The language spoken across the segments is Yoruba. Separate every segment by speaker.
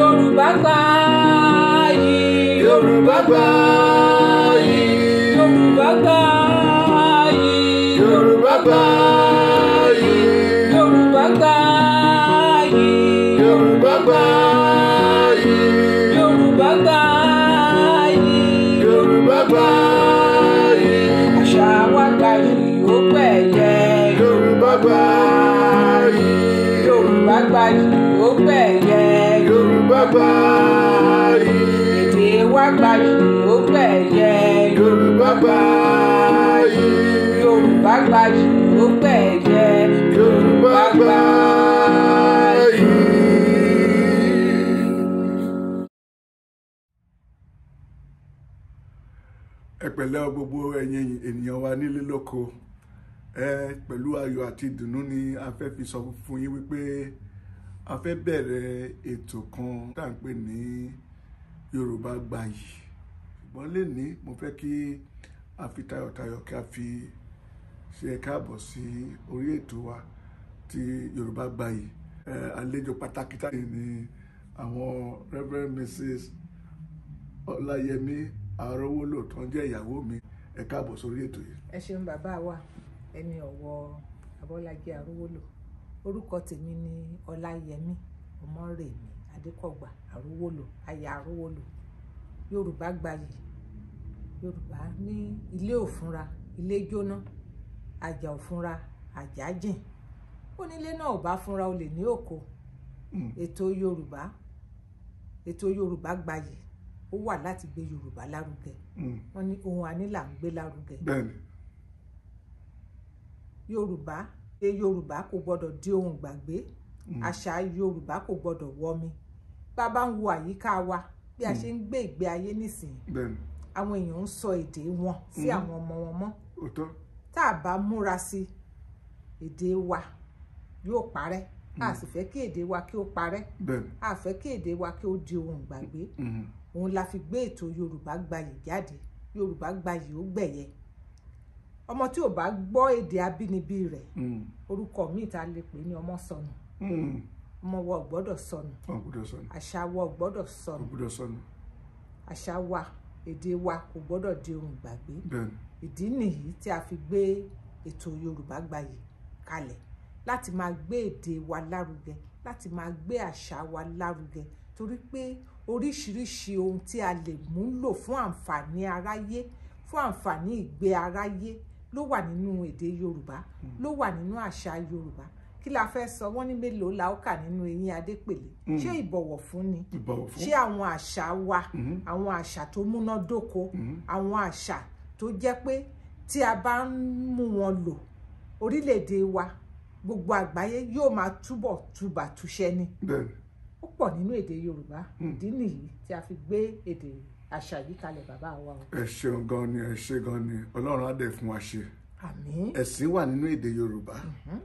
Speaker 1: Yorùbá gbayì. Yorùbá gbayì. Yorùbá gbayì. Yorùbá gbayì. Yorùbá gbayì. Yorùbá gbayì. Yorùbá gbayì. Yorùbá gbayì. Àṣà wa gbayì ó pẹ̀yẹ. Yorùbá gbayì. Yorùbá gbayì ó gbẹ̀yẹ. Yorùbá báyìí. Èdè wa gbayì ó gbẹ̀yẹ. Yorùbá báyìí. Yorùbá gbayì ó gbẹ̀yẹ. Yorùbá báyìí.
Speaker 2: ẹ pẹ̀lẹ́ gbogbo ẹ̀yin ènìyàn wa nílé lóko ẹ pẹ̀lú ayọ̀ àti ìdùnnú ni a fẹ́ fi sọ fún yín wípé a fẹ́ bẹ̀rẹ̀ ètò kan tá à ń pè ní Yorùbá Gbayì ṣùgbọ́n lẹ́ni mo fẹ́ kí a fi tayọ̀tayọ̀ kí a fi ṣe ẹ káàbọ̀ sí orí ètò wa ti Yorùbá Gbayì àlejò pàtàkì táyì ni àwọn Reverend Mrs Ọláyẹmí Arówólò tó ń jẹ́ ìyàwó mi ẹ káàbọ̀ sórí ètò yìí.
Speaker 1: ẹ ṣeun bàbá wa ẹni ọ̀wọ̀ Abọ́lájí Arówólò orúkọ tèmi ni ọláyẹmí ọmọrèmi adékọgbà àrówólò aya àrówólò yorùbá gbayì yorùbá ní ilé òfúnra ilé jóná àjà òfúnra àjà jìn onílé náà ò bá fúnra olè ní òkò hmm. ètò yorùbá ètò yorùbá gbayì ó wà láti gbé yorùbá lárugẹ hmm. wọn ní ohun àní là ń gbé lárugẹ yorùbá èdè yorùbá kò gbọdọ̀ di ohun gbàgbé hmm. àṣà yorùbá kò gbọdọ̀ wọmi bá a bá ń wo àyíká wa bí a hmm. ṣe ń gbé ìgbé ayé nísìnyí àwọn èèyàn ń sọ èdè wọn sí hmm. àwọn ọmọ wọn mọ́ tá a bá múra sí èdè wa yóò parẹ́ a sì fẹ́ kí èdè wa kí ó parẹ́ a fẹ́ kí èdè wa kí ó di ohun gbàgbé òun la fi gbé ètò yorùbá gbayì jáde yorùbá gbayì ó gbẹ̀yẹ ọmọ tí ò bá gbọ́ èdè abínibí rẹ̀ hmm. orúkọ míì tá a lè pè ní ọmọ sọnù hmm. ọmọ wa ò gbọ́dọ̀ sọnù àṣà wa ò gbọ́dọ̀ sọnù àṣà wa èdè wa kò gbọ́dọ̀ di ohun ìgbàgbé ìdí nìyí tí a fi gbé ètò Yorùbá Gbayì kalẹ̀ láti máa gbé èdè wa lárugẹ láti máa gbé àṣà wa lárugẹ torí pé oríṣiríṣi ohun tí a lè múlò fún àǹfààní aráyé fún àǹfààní ìgbé aráyé ló wà nínú èdè yorùbá hmm. ló wà nínú àṣà yorùbá kí la fẹ́ sọ wọ́n ní mélòó la ó kà nínú eyín adépèlé hmm. ṣé ìbọ̀wọ̀ fún ni ṣé àwọn àṣà wa hmm. àwọn àṣà tó múnádóko àwọn àṣà tó jẹ́ pé tí a bá ń mú wọn lò orílẹ̀-èdè wa gbogbo àgbáyé yóò máa túbọ̀ túbà túṣẹ́ ni ó pọ̀ nínú èdè yorùbá ìdí nìyí tí a fi gbé èdè yorùbá àṣà yìí kalẹ̀ bàbá wa o.
Speaker 2: ẹ ṣeun gan ni ẹ ṣe gan ni ọlọ́run á dẹ̀ fún wa ṣe. àmín. ẹ̀sìn wà nínú èdè yorùbá mhm.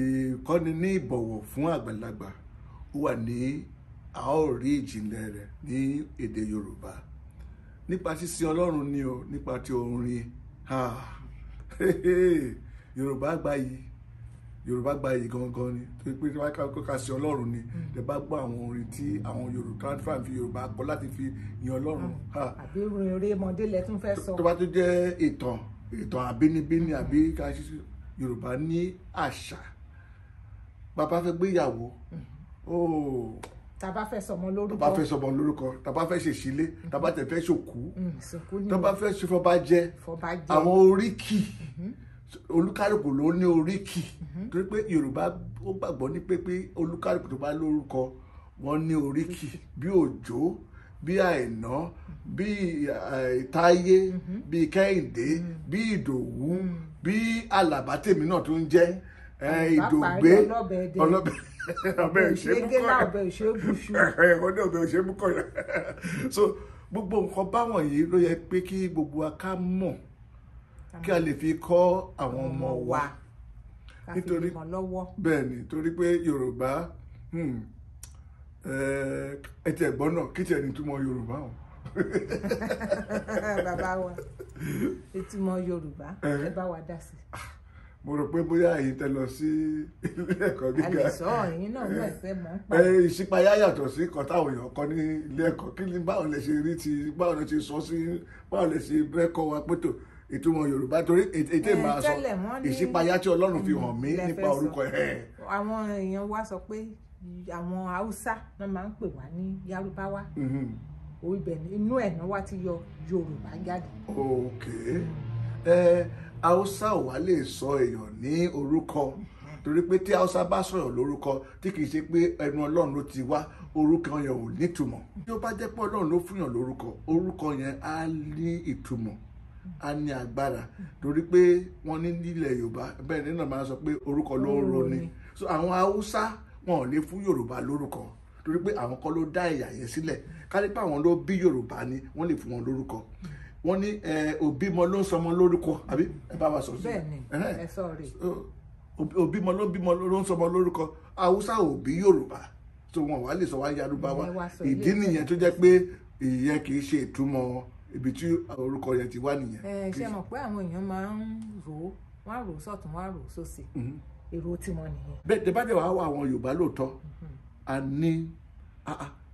Speaker 2: ìkọ́ni ní ìbọ̀wọ̀ fún àgbàlagbà ó wà ní a ó rí ìjìnlẹ̀ rẹ̀ ní èdè yorùbá nípa sísin ọlọ́run ni o nípa ti orin yorùbá gbayì yorùbá gba èyí gangan ni tó pé tí wọ́n kọ́ ká sí ọlọ́run ni hmm. tẹ bá gbọ́ àwọn orin tí àwọn yorùbá fan fi yorùbá kọ láti fi yan ọlọ́run. Hmm. àbí rere ọmọdé lẹ tún fẹ́ sọ. tó bá tó jẹ́ ìtàn ìtàn àbínibíni àbí ká ṣe yorùbá ní àṣà bàbá fẹ́ gbéyàwó hmm.
Speaker 1: tàbá fẹ́ sọmọ
Speaker 2: lórúkọ tàbá fẹ́ sọmọ lórúkọ tàbá fẹ́ ṣèṣílé tàbá tẹ fẹ́ ṣòkú tàbá fẹ́ ṣe fọba jẹ àwọn oríkì. Mm -hmm olúkálùkù ló ní oríkì torí pé yorùbá ó gbàgbọ́ ní pé pé olúkálùkù tó bá lórúkọ wọn ní oríkì bí òjò bí àìná bí eh, táyé bí kẹ́hìndé bí ìdòwú bí àlàbá tèmi náà tó ń jẹ́ eh, ìdògbé ọlọ́bẹ̀ ọbẹ̀ òṣèbùkọ̀ ọbẹ̀ òṣèbùkọ̀ so gbogbo nǹkan báwọn yìí ló yẹ pé kí gbogbo wa ká mọ̀ kí a lè fi kọ́ àwọn ọmọ wa nítorí bẹ́ẹ̀ ni torí pé Yorùbá hmm, ẹ tiẹ̀ náà kí tiẹ̀ ní túmọ̀ Yorùbá o.
Speaker 1: bàbá wa ìtumọ̀ Yorùbá ẹ bá wa dá sí ah,
Speaker 2: mo rò pé bóyá èyí tẹ lọ sí ilé ẹ̀kọ́ gíga a lè sọ ẹ̀yin náà mọ̀ ẹ̀fẹ́ mọ̀ ń pa. ìṣípayá yàtọ̀ sí nǹkan táwọn èèyàn kọ́ ní ilé ẹ̀kọ́ kí ni báwọn lè ṣe rí ti báwọn lè ṣe sọ sí báwọn lè ṣe bẹ́ẹ̀ kọ́ wa pé ìtumọ̀ yorùbá torí ètè máa sọ ìṣípayá tí ọlọ́run fi hàn mí mm, nípa orúkọ ẹ̀.
Speaker 1: àwọn èèyàn wa sọ pé àwọn haúsá náà máa ń pè wá ní yarubawa mm-hmm. ibẹ̀ inú ẹ̀ náà wá ti yọ yorùbá jáde.
Speaker 2: ok ẹ haúsá ò wá lè sọ èèyàn ní orúkọ mm-hmm. torí pé tí haúsá bá sọ̀rọ̀ lórúkọ tí kì í ṣe pé ẹnu ọlọ́run ló ti wá orúkọ yẹn ò nítumọ̀. bí ó bá jẹ́ pé ọlọ́run ló fún yàn lórúkọ orúkọ yẹn á ní ìtumọ̀ a ní agbára torí pé wọ́n ní nílẹ̀ yorùbá bẹ́ẹ̀ nínú máa sọ pé orúkọ ló ń roni so àwọn haúsá wọn ò lè fún yorùbá lórúkọ torí pé àwọn kọ́ ló dá ẹ̀yà yẹn sílẹ̀ kárípà àwọn ló bí yorùbá ni wọ́n lè fún wọn lórúkọ wọ́n ní òbímọ ló ń sọmọ lórúkọ àbí ẹ bá wa sọ sí bẹ́ẹ̀ni ẹ sọ rè òbímọ ló ń bímọ ló ń sọmọ lórúkọ haúsá ò bí yorùbá tó wọn wà lè sọ wá yarubawa ìdí nìyẹn tó jẹ́ pé ìyẹn kì í ṣe ìtumọ̀ ibi tí orúkọ yẹn ti wá nìyẹn.
Speaker 1: ṣe mọ̀ pé àwọn èèyàn máa ń rò ó wọ́n á rò ó sọ̀tún wọ́n á rò ó sósì mm-hmm. èrò tiwọn nìyẹn.
Speaker 2: bẹ́ẹ̀ tẹ bá dẹ̀ wá wá àwọn yorùbá lóòótọ́ mm-hmm. a ní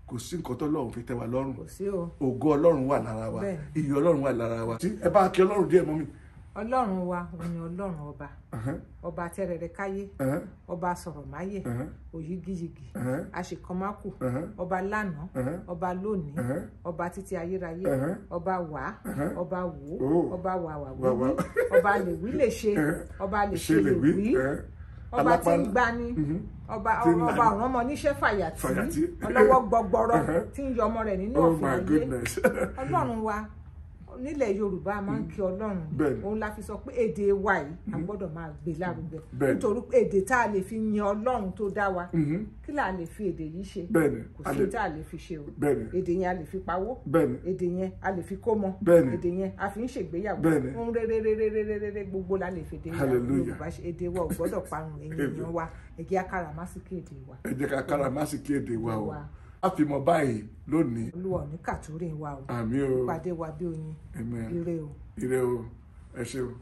Speaker 2: kò sí nǹkan tó lọ́run fi tẹ́ wa lọ́rùn ògo ọlọ́run wà lára wa iyì ọlọ́run wà lára wa ẹ bá kí ọlọ́run díẹ̀ mọ́ mi
Speaker 1: ọlọ́run wa òun ni ọlọ́run ọba ọba tẹrẹrẹ káyé ọba sọ̀rọ̀ máyè òyígíyigì àṣekọ́mákù ọba lánàá ọba lónìí ọba títí ayérayé ọba wà ọba wò ọba wàwà wíwí ọba lèwí lè ṣe ọba lè ṣe lèwí ọba tí ń gbani mhm. ọba ọba ọ̀ràn ọmọ oníṣẹ́ fàyàtì ọlọ́wọ́ gbọgbọrọ tí ń yọ ọmọ rẹ̀ nínú ọ̀fìn oh ayé ọlọ́run wa nílẹ̀ yorùbá máa ń mm. kí ọlọ́run òun la fi sọ pé èdè wa yìí a mm-hmm. gbọ́dọ̀ máa gbé lárugẹ nítorí èdè tá a lè fi yan ọlọ́run tó dá wa mm-hmm. kí là á lè fi èdè yìí ṣe kò sí tá a lè fi ṣe o èdè yẹn a lè fi pawó èdè yẹn a lè fi kómọ èdè yẹn a fi ń ṣègbéyàwó ohun rere gbogbo la lè fi èdè yorùbá ṣe èdè wa ò gbọ́dọ̀ parun ẹ̀yìn wa ẹ jẹ́ èdè wa.
Speaker 2: ẹ jẹ́ èdè wa o a fi mọ báyìí lónìí.
Speaker 1: olúwa ní kàtúrè wa o. àmì o. ìpàdé wa bí oyin. ire o. ire o ẹ ṣeun.